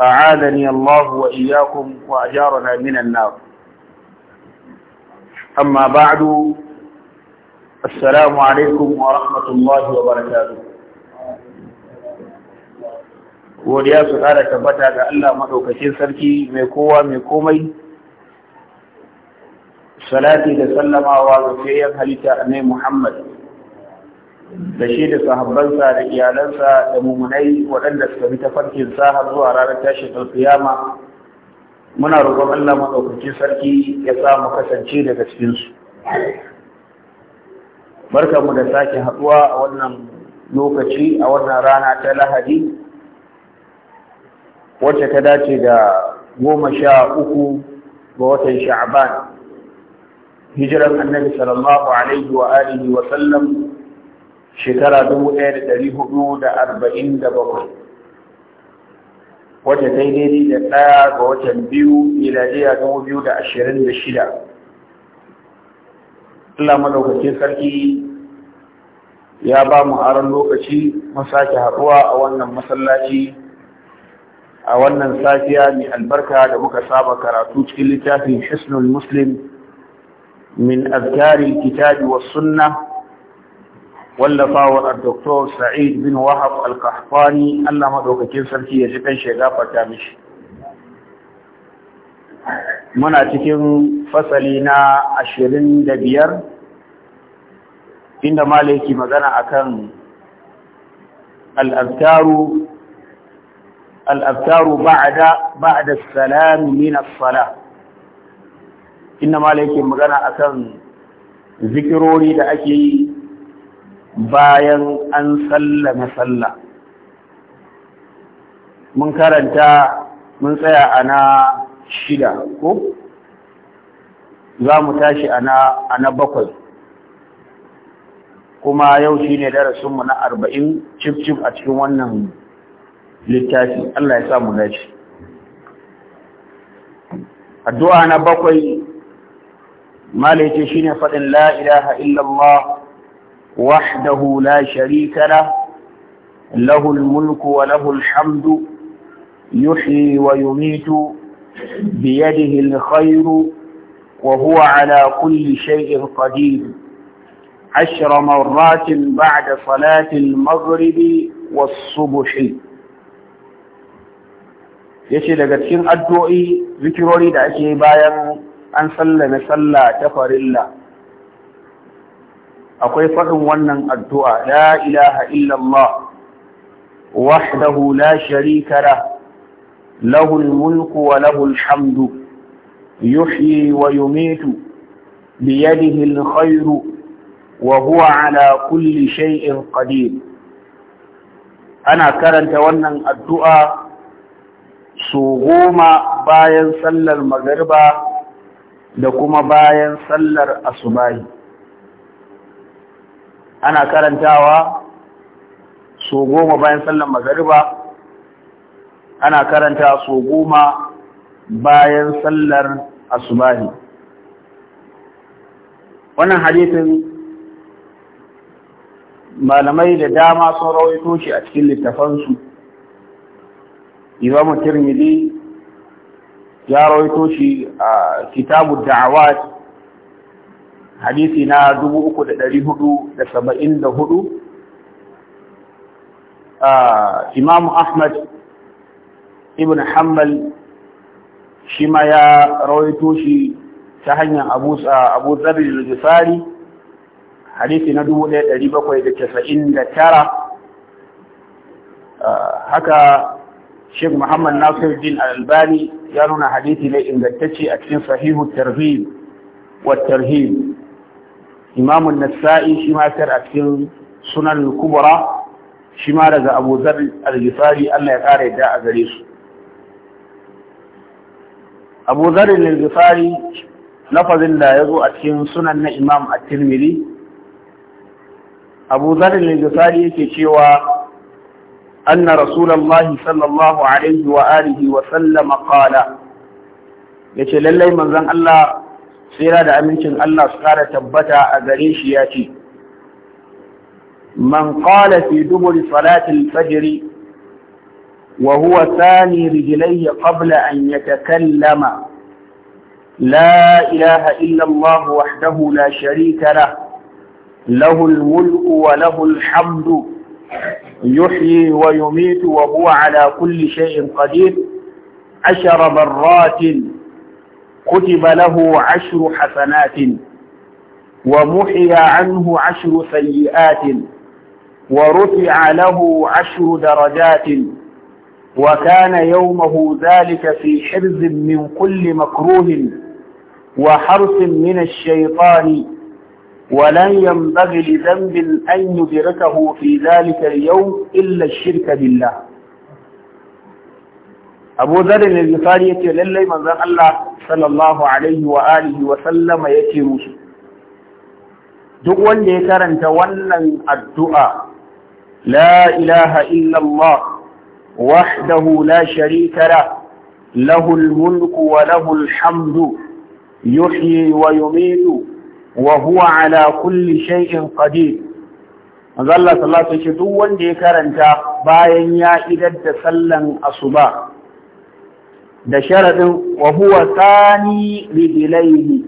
أعاذني الله وإياكم وأجارنا من النار أما بعد السلام عليكم ورحمة الله وبركاته godiya su ƙara tabbata ga Allah maɗaukacin sarki mai kowa mai komai salati da sallamawa ga fiyayyen halitta nai Muhammad da shi da sahabbansa da iyalansa da mumunai waɗanda suka bi ta farkin sa har zuwa ranar tashin alkiyama muna roƙon Allah maɗaukakin sarki ya sa mu kasance daga cikin su mu da sake haɗuwa a wannan lokaci a wannan rana ta Lahadi wacce ta dace da goma sha uku ga watan Sha'aban? hijiran annabi sallallahu alaihi wa alihi wa sallam shekara 1447 wata ta yi daidai da ɗaya ga watan biyu miladiya 2026 Allah madaukakin sarki ya ba mu aron lokaci sake haɗuwa a wannan masallaci a wannan safiya mai albarka da muka saba karatu cikin littafin hisnul muslim min azkari kitabi wa sunnah a Dr. Sa'id bin Wahab al Allah madaukakin sarki ya ji kan gafarta mishi muna cikin fasali na ashirin da biyar inda malaki magana akan al al-azkaru min as inda malaki magana akan zikirori da ake yi bayan an sallame sallah mun karanta mun tsaya a na shida ko za mu tashi a na bakwai kuma yau shi ne darasinmu na arba'in cif-cif a cikin wannan littafi Allah ya samu dace addu'a na bakwai malaye ce ne faɗin lailaha ilaha illallah وحده لا شريك له له الملك وله الحمد يحيي ويميت بيده الخير وهو على كل شيء قدير عشر مرات بعد صلاة المغرب والصبح يشي daga cikin addu'o'i zikirori da ake bayan an sallame sallah ta farilla akwai faɗin wannan addu'a la ilaha illallah wahdahu la sharikara lahul mulku wa lahul hamdu yuhyi wa yumitu biyadihi alkhairu wa huwa ala kulli shay'in qadir ana karanta wannan addu'a su goma bayan sallar magariba da kuma bayan sallar asubahi ana karantawa so goma bayan sallar magariba ana karanta so goma bayan sallar asubahi wannan hadisin malamai da dama sun rawaito shi a cikin littafansu imamu tirmidhi ya rawaito shi a kitabu da'awat hadisi na 3474 Imam Ahmad ibn Hanbal shi ma ya rawaito shi ta hanyar Abu Abu da al hadisi na tara, haka Sheikh Muhammad Nasiruddin Al-Albani ya nuna hadisi ne ingantacce a cikin sahihu tarhib wa tarhib imamun nasa'i shi ma tar a cikin sunan kubra shi daga abu zar al-ghifari Allah ya kare da a gare su abu al-ghifari lafazin da yazo a cikin sunan na imam at-tirmidhi abu al-ghifari yake cewa anna rasulullahi sallallahu alaihi sallama yace lallai manzon Allah سيرا دا أمينتين الله سقال تبتا أغريشياتي من قال في دبر صلاة الفجر وهو ثاني رجليه قبل أن يتكلم لا إله إلا الله وحده لا شريك له له الملك وله الحمد يحيي ويميت وهو على كل شيء قدير عشر مرات كتب له عشر حسنات ومحي عنه عشر سيئات ورفع له عشر درجات وكان يومه ذلك في حرز من كل مكروه وحرص من الشيطان ولن ينبغي لذنب أن يدركه في ذلك اليوم إلا الشرك بالله abu zarin al ya yace lallai manzan Allah sallallahu alaihi wa alihi wa sallama ce musu duk wanda ya karanta wannan addu'a la ilaha illallah, wahdahu la sharikara la lahul mulku wa lahul hamdu yuhyi wa yumitu wa huwa ala kulli shay'in qadir manzo Allah sallallahu alaihi duk wanda ya karanta bayan ya idar da sallan asuba da sharaɗin wa huwa tsani rijilaihi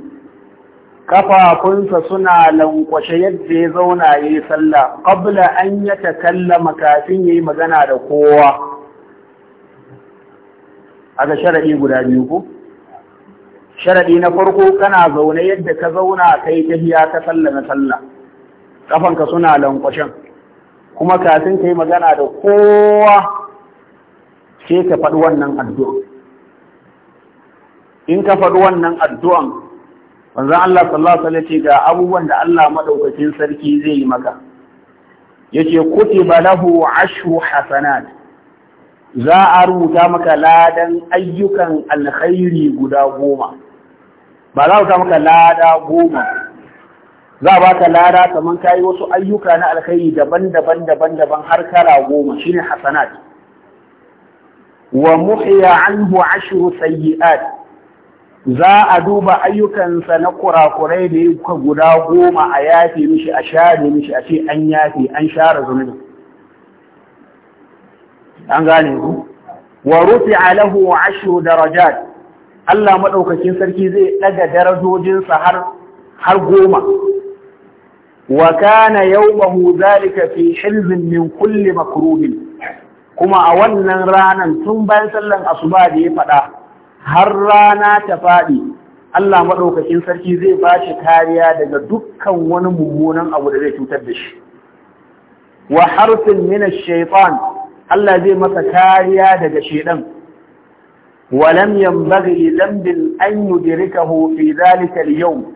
kafafunsa suna lankwashe yadda ya zauna ya yi sallah qabla an ya takallama kafin ya yi magana da kowa aga sharaɗi guda biyu ku sharaɗi na farko kana zaune yadda ka zauna kai tahiya ka sallama sallah kafanka suna lankwashen kuma kafin ka yi magana da kowa sai ka faɗi wannan addu'a in ka faɗi wannan addu'an wanzan Allah sallallahu alaihi ce ga abubuwan da Allah maɗaukacin sarki zai yi maka Kuti ba lahu ashu hasanat za a rubuta maka ladan ayyukan alkhairi guda goma ba za a rubuta maka lada goma za a baka lada ka kayi wasu ayyuka na alkhairi daban-daban daban-daban har kara goma shine hasanat wa muhiya anhu ashru sayyi'at za a duba ayyukansa na kurakurai da ya guda goma a yafe mishi a share mishi a ce an yafe an share zunubi an gane ku wa rufi alahu ashru darajat Allah madaukakin sarki zai ɗaga darajojinsa har goma wa kana yawmahu zalika fi hilzin min kulli makruhin kuma a wannan ranan tun bayan sallan asuba da ya faɗa. har rana ta faɗi Allah maɗaukakin sarki zai ba shi kariya daga dukkan wani mummunan abu da zai cutar da shi. Wa harfin mina shaifan Allah zai masa kariya daga shaidan. Wa Walamyan yambaghi lambin an yudrikahu fi zalika al yau,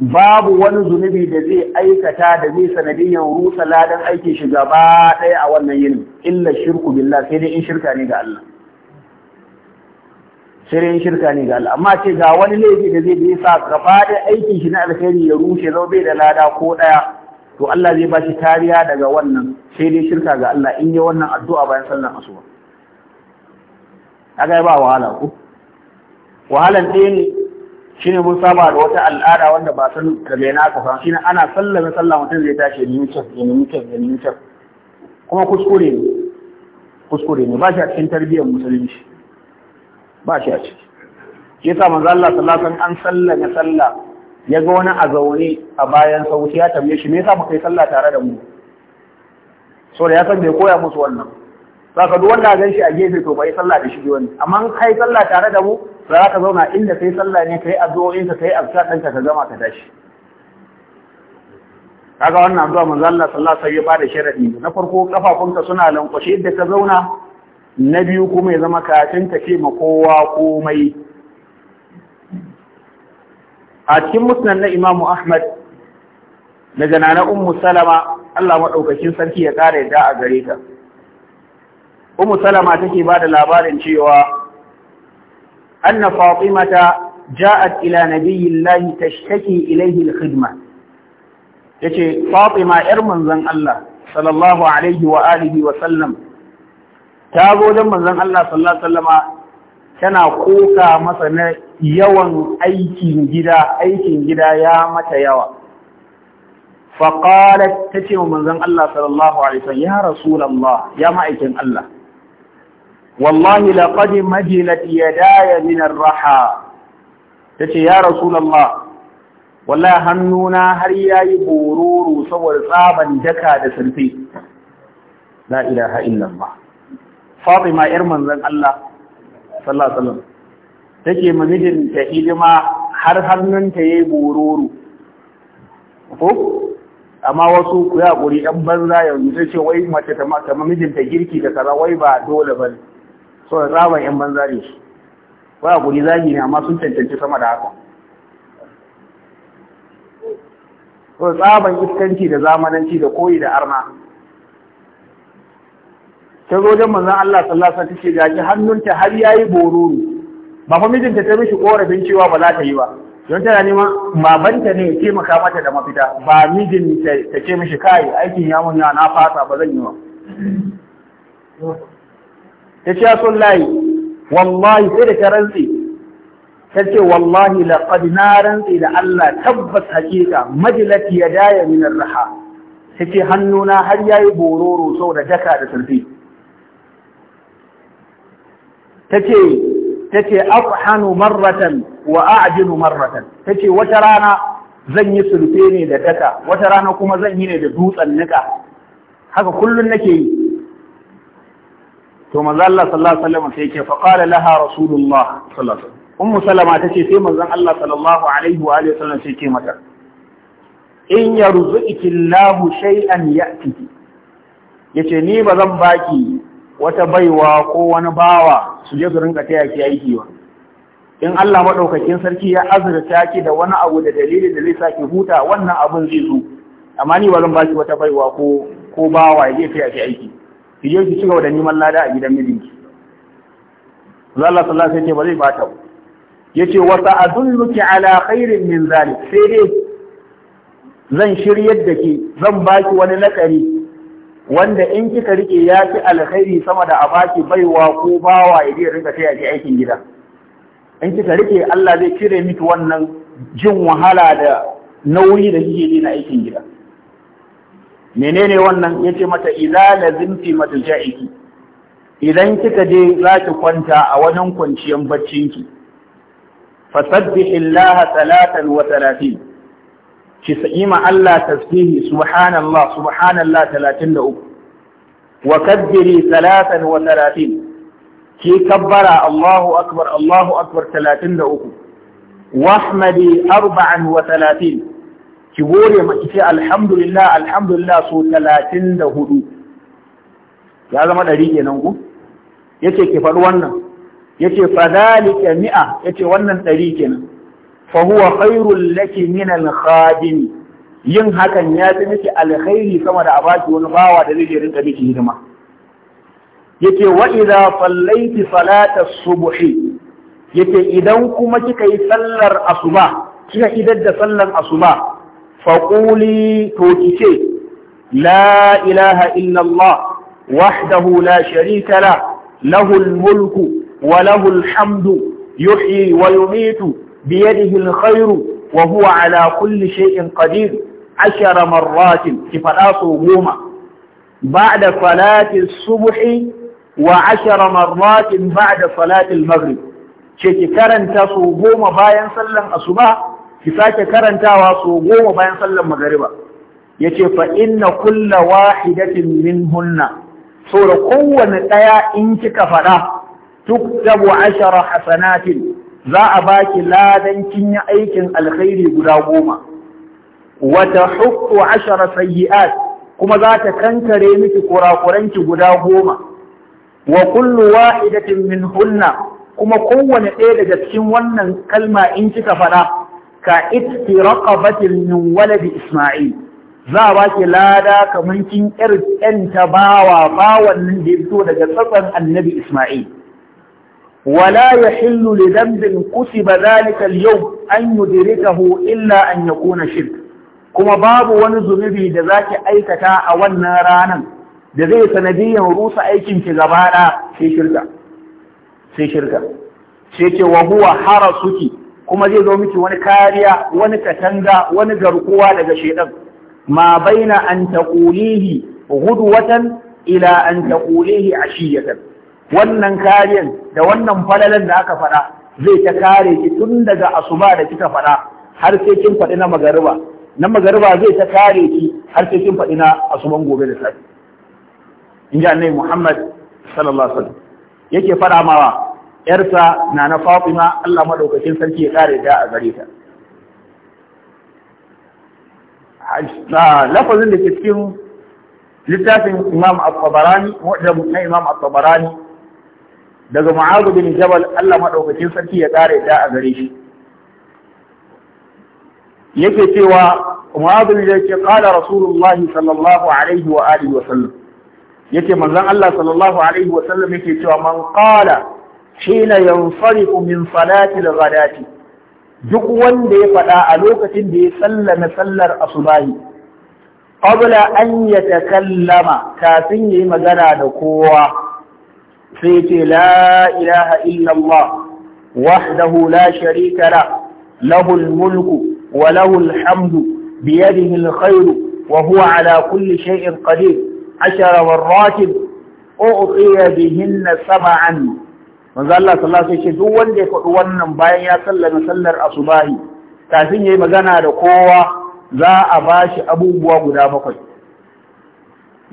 babu wani zunubi da zai aikata da zai sanadiyyar rusa ladan aikin shi gaba ɗaya a wannan yinin illa shirku billah sai dai in shirka ne ga Allah. Sai shirin shirka ne ga Allah amma ce ga wani laifi da zai yi sa gaba da aikin shi na alheri ya rushe zo bai da lada ko daya to Allah zai ba shi kariya daga wannan sai dai shirka ga Allah in yi wannan addu'a bayan sallar asuba kaga ba wahala ko wahalan ɗaya ne shine mun saba da wata al'ada wanda ba san kame na ka fa shine ana na sallah mutum zai tashi ne mutum ya mutum ya mutum kuma kuskure ne kuskure ne ba shi a cikin tarbiyyar musulunci ba shi a ciki shi yasa manzo Allah sallallahu alaihi an sallah ya ga wani a zaune a bayan sauti ya tambaye shi me yasa muka yi sallah tare da mu so da ya san bai koya musu wannan za duk wanda gan shi a gefe to bai sallah da shi wani amma kai sallah tare da mu za ka zauna inda kai sallah ne kai addu'o'in ka kai azkar ɗinka ka gama ka tashi kaga wannan zuwa manzo Allah sallallahu alaihi wasallam ya bada sharadi na farko kafafunka suna lankwashe yadda ka zauna na biyu kuma ya zama kafin ta ce ma kowa komai a cikin musnan na imamu ahmad daga nana ummu salama Allah maɗaukakin sarki ya ƙara yadda a gare ta ummu salama take ba da labarin cewa anna fatimata ja'at ila nabiyillahi tashtaki ilayhi alkhidma yace fatima yar manzon Allah sallallahu alaihi wa alihi wa sallam ta zo don manzon Allah sallallahu alaihi tana koka masa na yawan aikin gida aikin gida ya mata yawa faƙalat ta ce wa manzon Allah sallallahu alaihi wasallam ya rasulullah ya ma'aikin Allah wallahi laqad majilat yadaya min minar raha Ta ce ya rasulullah wallahi hannuna har ya yi bororo saboda tsaban daka da sulfi la ilaha illallah Fatima ‘yar manzan Allah, sallallahu Alaihi take ma mijinta hidima har hannunta ya yi bororo. Ko? Amma wasu ku ya ƙuri ‘yan banza yanzu sai ce wai mace ta ma mijinta girki da kaza wai ba dole ba ne. So da tsaban ‘yan banza ne shi. ba a ƙuri zagi ne amma sun cancanci sama da haka. So tsaban iskanci da zamananci da koyi da arna. ta zo wajen manzon Allah sallallahu alaihi wasallam gaji hannunta har yayi bororo ba fa mijinta ta mishi korafin cewa ba za ta yi ba don tana neman babanta ne ke taimaka mata da mafita ba mijin ta ce mishi kai aikin ya mun na fata ba zan yi ba ta ce sun layi wallahi sai da ta rantsi ta ce wallahi laqad na rantsi da Allah tabbas hakika majalat ya daya min raha ta ce hannuna har yayi bororo sau da daka da surfi tace tace afhanu marratan wa a'jinu marratan tace wata rana zan yi sulfe ne da daka wata rana kuma zan yi ne da dutsen nika haka kullun nake yi to manzo Allah sallallahu alaihi wasallam sai yake fa qala laha rasulullah sallallahu alaihi wasallam ummu salama tace sai manzon Allah sallallahu alaihi wa alihi wasallam sai yake mata in yarzuki Allahu shay'an ya'tiki yace ni ba zan baki wata baiwa ko wani bawa su je su rinka taya ki aiki ba in Allah madaukakin sarki ya azurta ki da wani abu da dalili da zai saki huta wannan abin zai zo amma ni zan baki wata baiwa ko ko bawa ya taya ki aiki ki je ki cigaba da neman lada a gidan mijinki Allah sallallahu alaihi wasallam ba zai bata ba yace wa sa'adulluki ala khairin min zalik sai dai zan shiryar da ke zan baki wani lakari wanda in kika rike ya fi alkhairi sama da a baki baiwa ko bawa ya je rinka taya ki aikin gida in kika rike Allah zai cire miki wannan jin wahala da nauyi da kike ji na aikin gida menene wannan yace mata idza lazimti matja'iki idan kika je za ki kwanta a wajen kwanciyar baccinki fasabbihillaha salatan wa salatin shi sa'ima Allah tasbihi subhanallah subhanallah 33 wa kabbiri 33 ki kabbara Allahu akbar Allahu akbar 33 wahmadi 34 ki gode ma ki ce alhamdulillah alhamdulillah so 34 ya zama dari kenan ku yace ki faɗi wannan yace fadhalika mi'a yace wannan dari kenan fa huwa khairul laki min al khadim yin hakan ya fi miki alkhairi sama da a baki wani bawa da zai rinka miki hidima yake wa idza sallaiti salata subhi yake idan kuma kika yi sallar asuba kika idar da sallar asuba Faƙuli to kice la ilaha illa Allah wahdahu la sharika la lahul mulku wa lahul hamdu yuhyi wa yumiitu بيده الخير وهو على كل شيء قدير عشر مرات كفلاص غوما بعد صلاة الصبح وعشر مرات بعد صلاة المغرب شيء كرنتا صوغوما باين سلم الصبح كفاك كرنتا صوغوما باين سلم مغربا yace fa inna kulla wahidatin minhunna so da kowanne daya in kika fada tuktabu ashara hasanatin za a baki ladan kin yi aikin alkhairi guda goma Wata tahqqu ashara sayyi'at kuma za ta kankare miki kurakuranki guda goma wa kullu wahidatin minhunna kuma kowane ɗaya daga cikin wannan kalma in kika faɗa ka itki raqabatin min waladi isma'il za a baki lada kamar kin ƴar ta bawa bawan nan da ya fito daga tsatsan annabi isma'il ولا يحل لذنب كتب ذلك اليوم أن يدركه إلا أن يكون شرك كما باب ونزنبي دذاك أيكتا أو النارانا دذي سنديا روس أيكم كغبانا في شركة في شركة شيك وهو حرسك كما زي زومك ونكاريا ونكتنغا ونجرقوا لك شيئا ما بين أن تقوليه غدوة إلى أن تقوليه عشية wannan kariyan da wannan falalan da aka faɗa zai ta kare ki tun daga asuba da kika faɗa har sai kin faɗi na magariba na magariba zai ta kare ki har sai kin faɗi na asuban gobe da safe in ji annabi Muhammad sallallahu alaihi wasallam yake faɗa mawa yarsa na na Fatima Allah madaukakin sarki ya kare ta a gare ta lafazin da ke cikin littafin Imam al tabarani wanda na Imam al tabarani daga Mu'adh bin Jabal Allah madaukakin sarki ya kare da a gare shi yake cewa Mu'adh bin Jabal ce qala Rasulullah sallallahu alaihi wa alihi wa sallam yake manzon Allah sallallahu alaihi wa sallam yake cewa man shi na yansarifu min salati al-ghadati duk wanda ya faɗa a lokacin da ya sallama sallar asubahi qabla an yatakallama kafin yayi magana da kowa sai ce la ilaha illallah wahdahu la sharika la lahul mulku wa lahul hamdu biyadihi alkhairu wa huwa ala kulli shay'in qadir ashara warratin u'tiya bihinna sab'an manzo Allah sallallahu alaihi wasallam duk wanda ya faɗi wannan bayan ya sallama sallar asubahi kafin yayi magana da kowa za a bashi abubuwa guda bakwai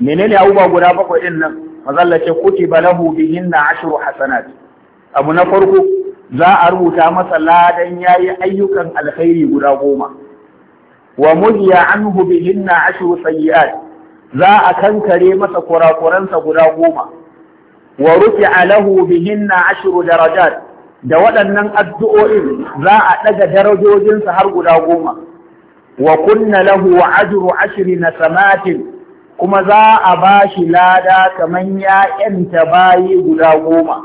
menene abubuwa guda bakwai din nan mazalla ce Balahu lahu bihinna Ashiru hasanat abu na farko za a rubuta masa ladan yayi ayyukan alkhairi guda goma wa mudiya anhu bihinna Ashiru sayyi'at za a kankare masa kurakuransa guda goma wa Alahu lahu bihinna Ashiru darajat da waɗannan addu'o'in za a ɗaga darajojinsa har guda goma wa kunna lahu ajru ashri nasamatin kuma za a ba shi lada kamar ‘ya'yanta bayi guda goma,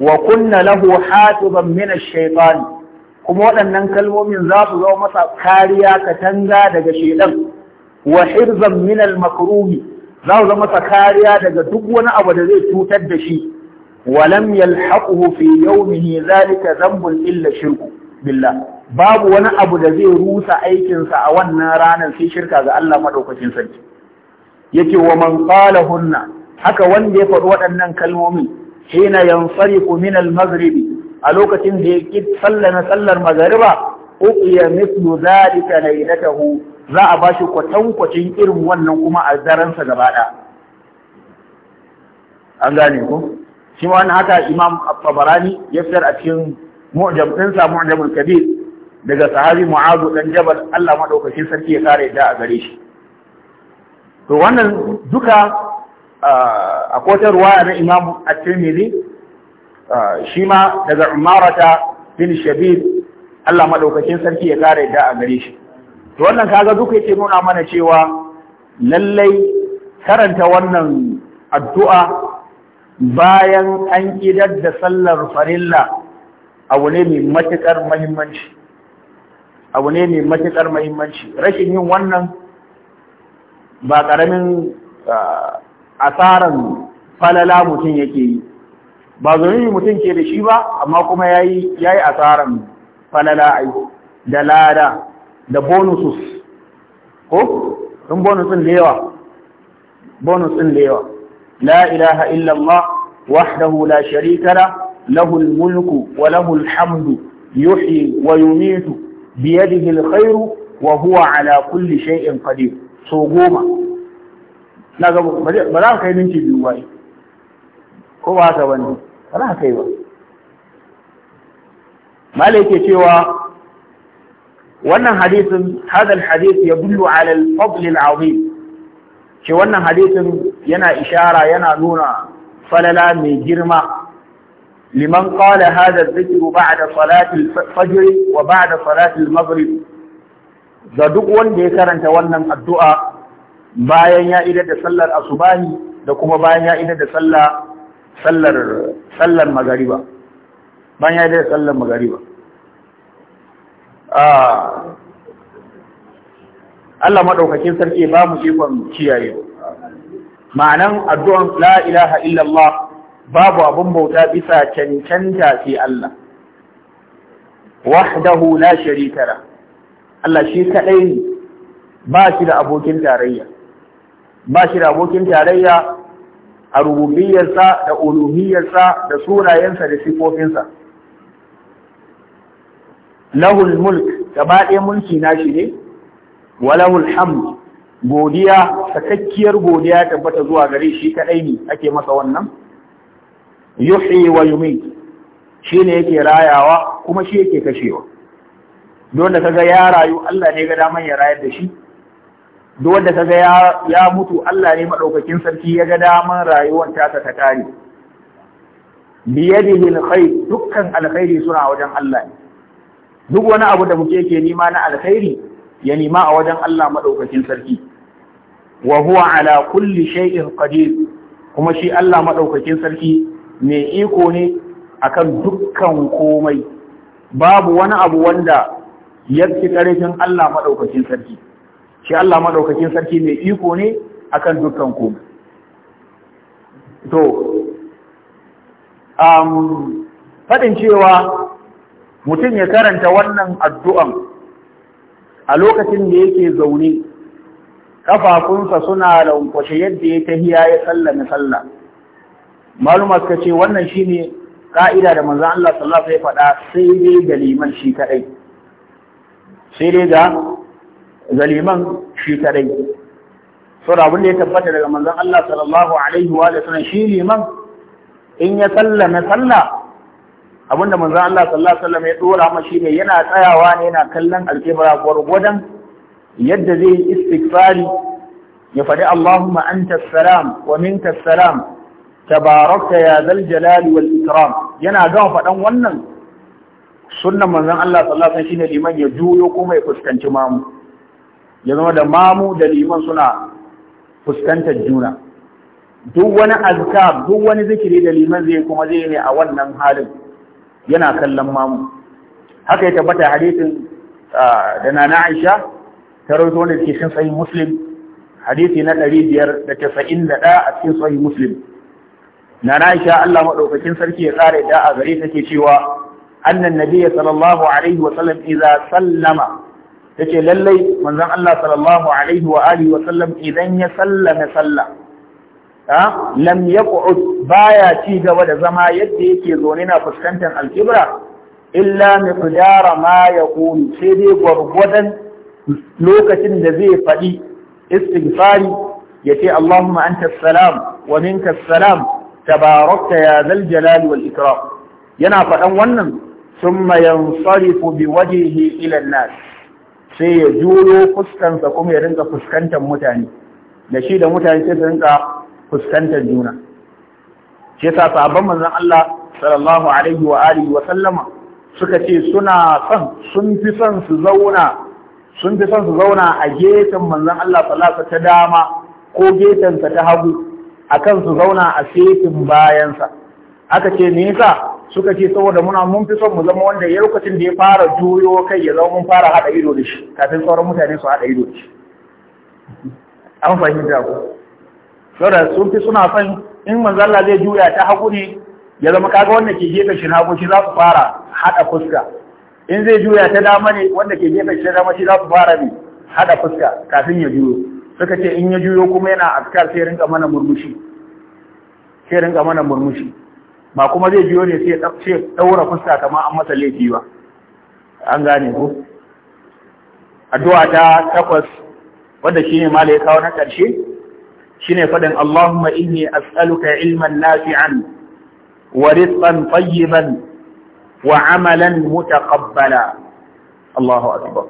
wa kunna lahu hatiban min shaiɗani. kuma waɗannan kalmomin za su zama masa kariya katanga daga shaidan, wa hirzan min makruhi za su zama masa kariya daga duk wani abu da zai cutar da shi, walam yalhaquhu fi yawmihi zalika zambun illa shirku babu wani abu da zai rusa aikinsa a wannan ranar sai shirka ga Allah madaukakin sarki. yake wa man qala hunna haka wanda ya faɗi waɗannan kalmomi hina yansariqu min al-maghrib a lokacin da yake sallana sallar magariba uqiya mithlu zalika laylatahu za a bashi kwatankwacin irin wannan kuma a daren sa gaba ɗaya an gane ko shi ma wannan haka imam at-tabarani ya fitar a cikin mu'jam sa mu'jamul kabir daga sahabi mu'azu dan jabal Allah madaukakin sarki ya kare da a gare shi to wannan duka a kotar ruwaya na imam at-tirmidhi shi ma daga umarata bin shabib Allah madaukakin sarki ya kare da a gare shi to wannan kaga duka yake nuna mana cewa lallai karanta wannan addu'a bayan an kidar da sallar farilla abu ne mai matuƙar muhimmanci. abu ne mai matukar mahimmanci rashin yin wannan ba ƙaramin asaran falala mutum yake yi ba zunubi mutum ke da shi ba amma kuma ya yi asaran falala da lada da bonusus ko sun bonusin da yawa bonusin da yawa la ilaha illallah wahdahu la sharikala lahul mulku wa lahu hamdu Yuhi wa yumitu biyadihi alkhairu wa huwa ala kulli shay'in qadir so goma na ga ba za ka kai minti biyu ba ko ba haka bane ba za ka kai ba malai ke cewa wannan hadisin hadal hadis ya bullu ala al-fadl al-azim ce wannan hadisin yana ishara yana nuna falala mai girma liman qala hadha adh-dhikru ba'da salati al-fajr wa ba'da salati al-maghrib ga duk wanda ya karanta wannan addu'a bayan ya idar da sallar asubahi da kuma bayan ya idar da sallar sallar magariba bayan ya idar da sallar magariba ah, Allah madaukakin sarki ba mu ikon kiyaye ma'anan addu'an la ilaha illallah babu abin bauta bisa cancanta sai Allah wahdahu la sharika tara. Allah shi kaɗai ne ba shi da abokin tarayya ba shi da abokin tarayya a rububiyarsa da uluhiyarsa da sunayensa da sifofinsa lahul mulk gaba ɗaya mulki nashi ne wa lahul hamd godiya sakakkiyar godiya tabbata zuwa gare shi kaɗai ne ake masa wannan yuhyi wa yumit ne yake rayawa kuma shi yake kashewa da ka ga ya rayu Allah ne ga daman ya rayar da shi Don wanda kaga ya ya mutu Allah ne maɗaukakin sarki ya ga daman rayuwar ta ta kare biyadihi alkhair dukkan alkhairi suna wajen Allah ne duk wani abu da muke yake nima na alkhairi ya nima a wajen Allah madaukakin sarki wa huwa ala kulli shay'in qadir kuma shi Allah maɗaukakin sarki mai iko ne akan dukkan komai babu wani abu wanda yadda ƙarfin Allah maɗaukakin sarki shi Allah maɗaukakin sarki mai iko ne akan dukkan to um, faɗin cewa mutum ya karanta wannan addu'an a lokacin da yake zaune kafafunsa suna lankwashe yadda ya tahiya ya na tsalla. maluma suka ce wannan shine ka'ida da manzon Allah sallallahu alaihi faɗa sai dai da liman shi kaɗai sai dai ga zaliman shi kadai saboda abin da ya tabbata daga manzon Allah sallallahu alaihi wa sallam shi liman in ya salla, sallah abinda manzon Allah sallallahu alaihi wasallam ya dora ma shi ne yana tsayawa ne yana kallon alkibra gwargwadon yadda zai yi istighfari ya faɗi Allahumma anta salam wa minka salam tabarakta ya zal jalali wal ikram yana gama faɗan wannan sunnan manzon Allah sallallahu alaihi wasallam shine liman ya juyo ko mai fuskanci mamu ya zama da mamu da liman suna fuskantar juna duk wani azkar duk wani zikiri da liman zai kuma zai ne a wannan halin yana kallon mamu haka ya tabbata hadisin da nana Aisha ta rawaito wanda ke cikin sahih Muslim hadisi na 591 a cikin sahih Muslim nana Aisha Allah madaukakin sarki ya tsare da a gare take cewa annan nabiyyi sallallahu alaihi wa sallam idza sallama tace lallai manzon Allah sallallahu alaihi wa alihi wa sallam idan ya sallama sallah ha lam yaq'ud baya ci gaba da zama yadda yake zaune na fuskantar alkibra illa miqdara ma yaqulu sai dai gwargwadon lokacin da zai faɗi istighfari yace Allahumma anta salam wa minka salam tabarakta ya zal jalali wal ikram yana faɗan wannan thumma yansarifu biwajhihi ila an-nas sai ya juyo fuskansa kuma ya rinka fuskantar mutane da shi da mutane sai su rinka fuskantar juna shi yasa sahabban manzon Allah sallallahu alaihi wa alihi wa sallama suka ce suna son sun fi son su zauna sun fi son su zauna a gefen manzon Allah sallallahu ta dama ko gefensa ta hagu akan su zauna a setin bayansa aka ce me yasa suka ce saboda muna mun fi son mu zama wanda ya lokacin da ya fara juyo kai ya zama mun fara haɗa ido da shi kafin sauran mutane su haɗa ido da shi an fahimta ku saboda sun fi suna son in manzalla zai juya ta hagu ne ya zama kaga wanda ke gefe shi hagu shi za su fara haɗa fuska in zai juya ta dama ne wanda ke gefe shi ta dama shi za su fara ne haɗa fuska kafin ya juyo suka ce in ya juyo kuma yana askar sai rinka mana murmushi sai rinka mana murmushi ba kuma zai biyo ne sai ɗaura fuska kamar an masa laifi ba an gane ku. addu'a ta takwas wanda shine malai kawo na ƙarshe shine faɗin Allahumma inni as'aluka ilman nafi'an wa rizqan tayyiban wa amalan mutaqabbala Allahu akbar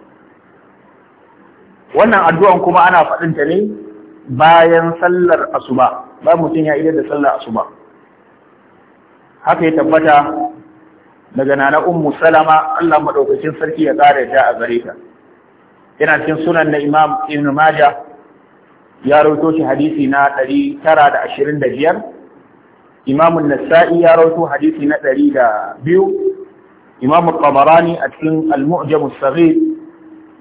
wannan addu'an kuma ana faɗin ta ne bayan sallar asuba ba mutum ya idar da sallar asuba haka ya tabbata daga nana ummu salama Allah madaukakin sarki ya kare ta a gare ta yana cikin sunan na imam ibn maja ya rawaito shi hadisi na 925 imam an-nasa'i ya rawaito hadisi na 102 imam at-tabarani a cikin al-mu'jam as-saghir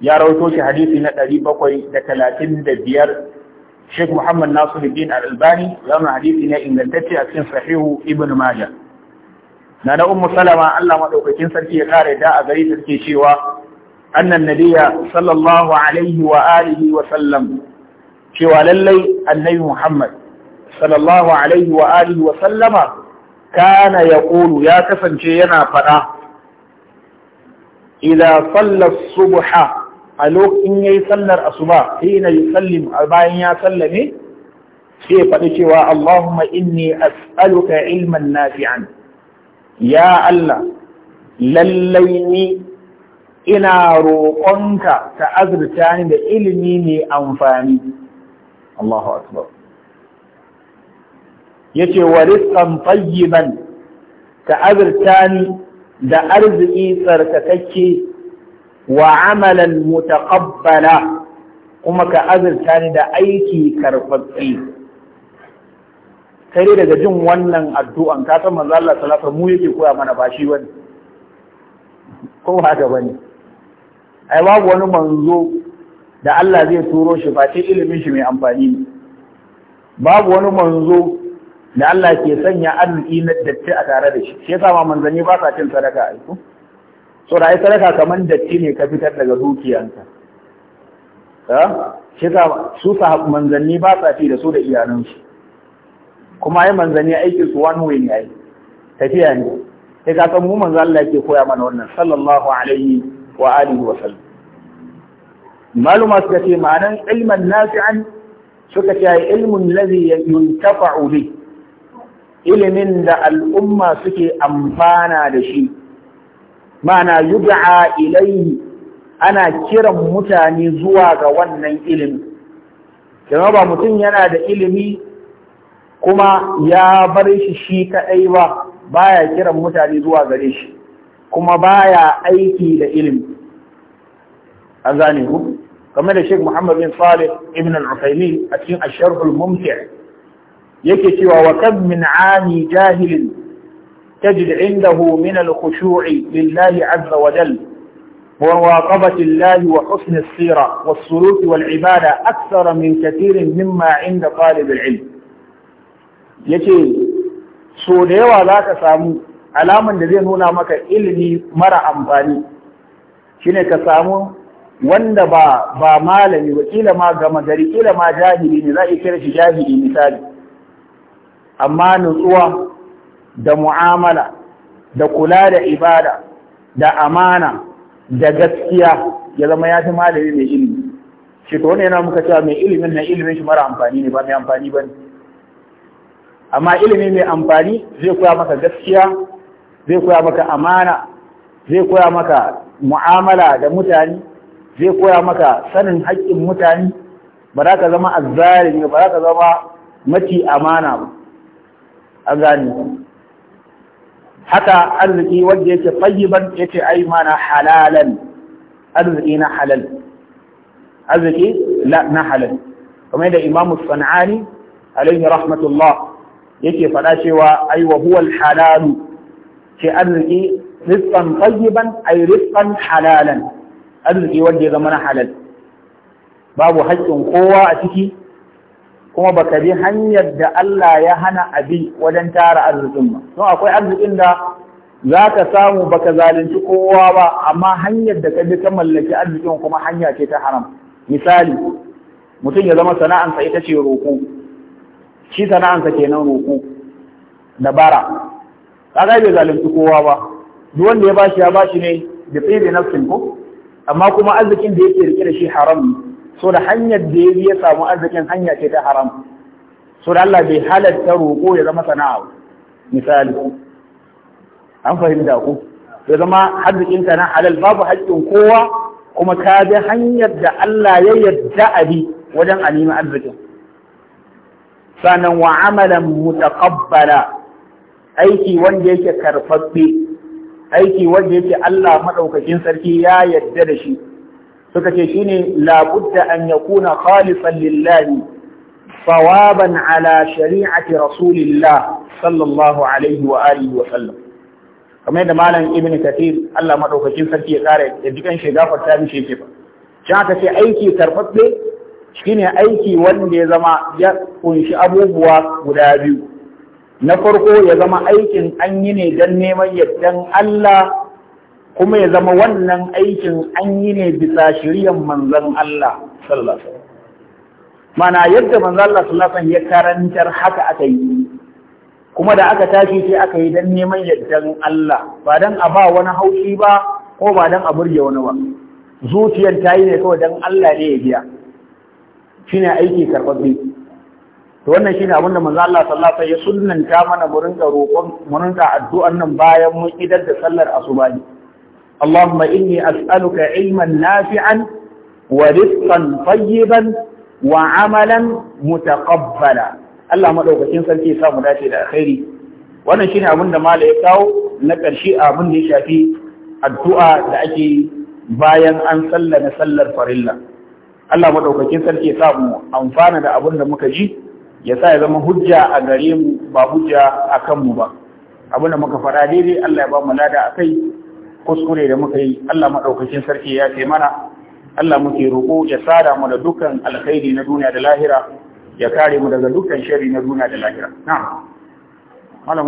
ya rawaito shi hadisi na 735 Sheikh Muhammad Nasiruddin Al-Albani ya rawaito hadisi na ingantacce a cikin sahihu Ibn Majah na na ummu salama Allah madaukakin sarki ya kare da a gari take cewa annan nabiyya sallallahu alaihi wa alihi wa sallam cewa lallai annabi Muhammad sallallahu alaihi wa alihi wa sallama kana ya yaqulu ya kasance yana fada idza salla subha a lokacin yayi sallar asuba hina yusallim bayan ya sallame sai faɗi cewa Allahumma inni as'aluka ilman nafi'an ya Allah lallai ni ina roƙonka ta azurta ni da ilimi mai amfani Allahu akbar yace wa rizqan tayyiban ta azurta ni da arziki tsarkakakke wa amalan mutaqabbala kuma ka azurta ni da aiki karfatsi kai dai daga jin wannan addu'an ka san manzo Allah sallallahu alaihi mu yake koya mana ba shi wani ko haka bane ai babu wani manzo da Allah zai turo shi ba sai ilimin shi mai amfani ne babu wani manzo da Allah ke sanya arziki na datti a tare da shi shi yasa ma manzanni ba sa cin sadaka a ko so da ai sadaka kaman datti ne ka fitar daga dukiyanka ha shi yasa su sa manzanni ba sa ci da su da iyalansu kuma ai manzanni aikin su one way ne ai tafiya ne sai ka san mu manzo Allah yake koya mana wannan sallallahu alaihi wa alihi wa sallam maluma suka ce ma'anan ilman nafi'an suka ce ai ilmun ladhi yuntafa'u bi ilimin da al'umma suke amfana da shi ma'ana yud'a ilaihi ana kiran mutane zuwa ga wannan ilimin. Jama ba mutum yana da ilimi kuma ya bar shi shi kaɗai ba baya kiran mutane zuwa gare shi kuma baya aiki da ilimi an gane ku kamar da Sheikh Muhammad bin Salih ibn al-Uthaymeen a cikin Asharh al-Mumti' yake cewa wa kam min 'ani jahil tajid indahu min al-khushu' lillahi azza wa jal wa من الخشوع wa husn as-sira was-suluk wal-ibada akthar min من mimma inda talib al-ilm ya ce so da yawa za ka samu alamun da zai nuna maka ilimi mara amfani Shi ne ka samu wanda ba ba malami ba kila ma gama gari kila ma jahili ne za a kira shi jahili misali amma nutsuwa da mu'amala da kula da ibada da amana da gaskiya ya zama ya fi malami mai ilimi shi to wannan yana muka cewa mai ilimin na ilimin shi mara amfani ne ba mai amfani ba ne amma ilimi mai amfani zai koya maka gaskiya zai koya maka amana zai koya maka mu'amala da mutane zai koya maka sanin haƙƙin mutane ba za ka zama azzari ba za ka zama mati amana ba a gani haka arziki wanda yake fayyiban yake aimana mana halalan arziki na halal arziki na halal kamar da imamu sana'ani alaihi rahmatullah yake faɗa cewa ai wa huwal halalu ce arziki rizqan tayyiban ay rizqan halalan arziki wanda ya zama na halal babu haƙƙin kowa a ciki kuma baka bi hanyar da Allah ya hana abi wajen tara arzikin ba don akwai arzikin da za ka samu baka zalunci kowa ba amma hanyar da ka bi ka mallaki arzikin kuma hanya ce ta haram misali mutum ya zama sana'ar sa ita ce roƙo shi sana'ansa kenan roƙo da bara kaga bai zalunci kowa ba duk wanda ya bashi ya bashi ne da tsibi nafsin amma kuma arzikin da yake rike da shi haram so da hanyar da ya ya samu arzikin hanya ce ta haram so da Allah bai halatta roƙo ya zama sana'a misali an fahimta ku ya zama arzikin na halal babu haƙƙin kowa kuma ka bi hanyar da Allah ya yarda a bi wajen a arzikin sannan wa amalan mutaqabbala aiki wanda yake karfaffe aiki wanda yake Allah madaukakin sarki ya yarda da shi suka ce shine labudda an yakuna khalisan lillahi sawaban ala shari'ati rasulillah sallallahu alaihi wa alihi wa sallam kamar da malam ibn kathir Allah madaukakin sarki ya kare da dukan shi gafarta mishi yake ba aka ce aiki karfaffe ne aiki wanda ya zama ya kunshi abubuwa guda biyu na farko ya zama aikin an yi ne don neman yardan Allah kuma ya zama wannan aikin an yi ne bisa shiryan manzon Allah sallallahu mana yadda manzon Allah sallallahu alaihi ya karantar haka aka yi kuma da aka tashi sai aka yi don neman yardan Allah ba don a ba wani haushi ba ko ba don a burge wani ba zuciyar ta yi ne kawai don Allah ne ya biya shine aiki karɓaɓɓe to wannan shine abin da manzo Allah sallallahu alaihi wasallam ya sunnanta mana mu rinka roƙon mu rinka addu'an nan bayan mun idar da sallar asuba ne Allahumma inni as'aluka ilman nafi'an wa rizqan tayyiban wa amalan mutaqabbala Allah madaukakin sarki ya sa mu dace da alkhairi wannan shine abin da mala ya kawo na ƙarshe abin da ya shafi addu'a da ake bayan an sallana sallar farilla Allah madaukakin sarki ya sa mu amfana da abin da muka ji ya sa ya zama hujja a gare mu ba hujja a kan mu ba abin da muka faɗa daidai Allah ya ba mu lada kai, kuskure da muka yi Allah maɗaukakin sarki ya ce mana Allah muke roƙo ya sada mu da dukkan alkhairi na duniya da lahira ya kare mu daga dukkan shari na duniya da lahira na'am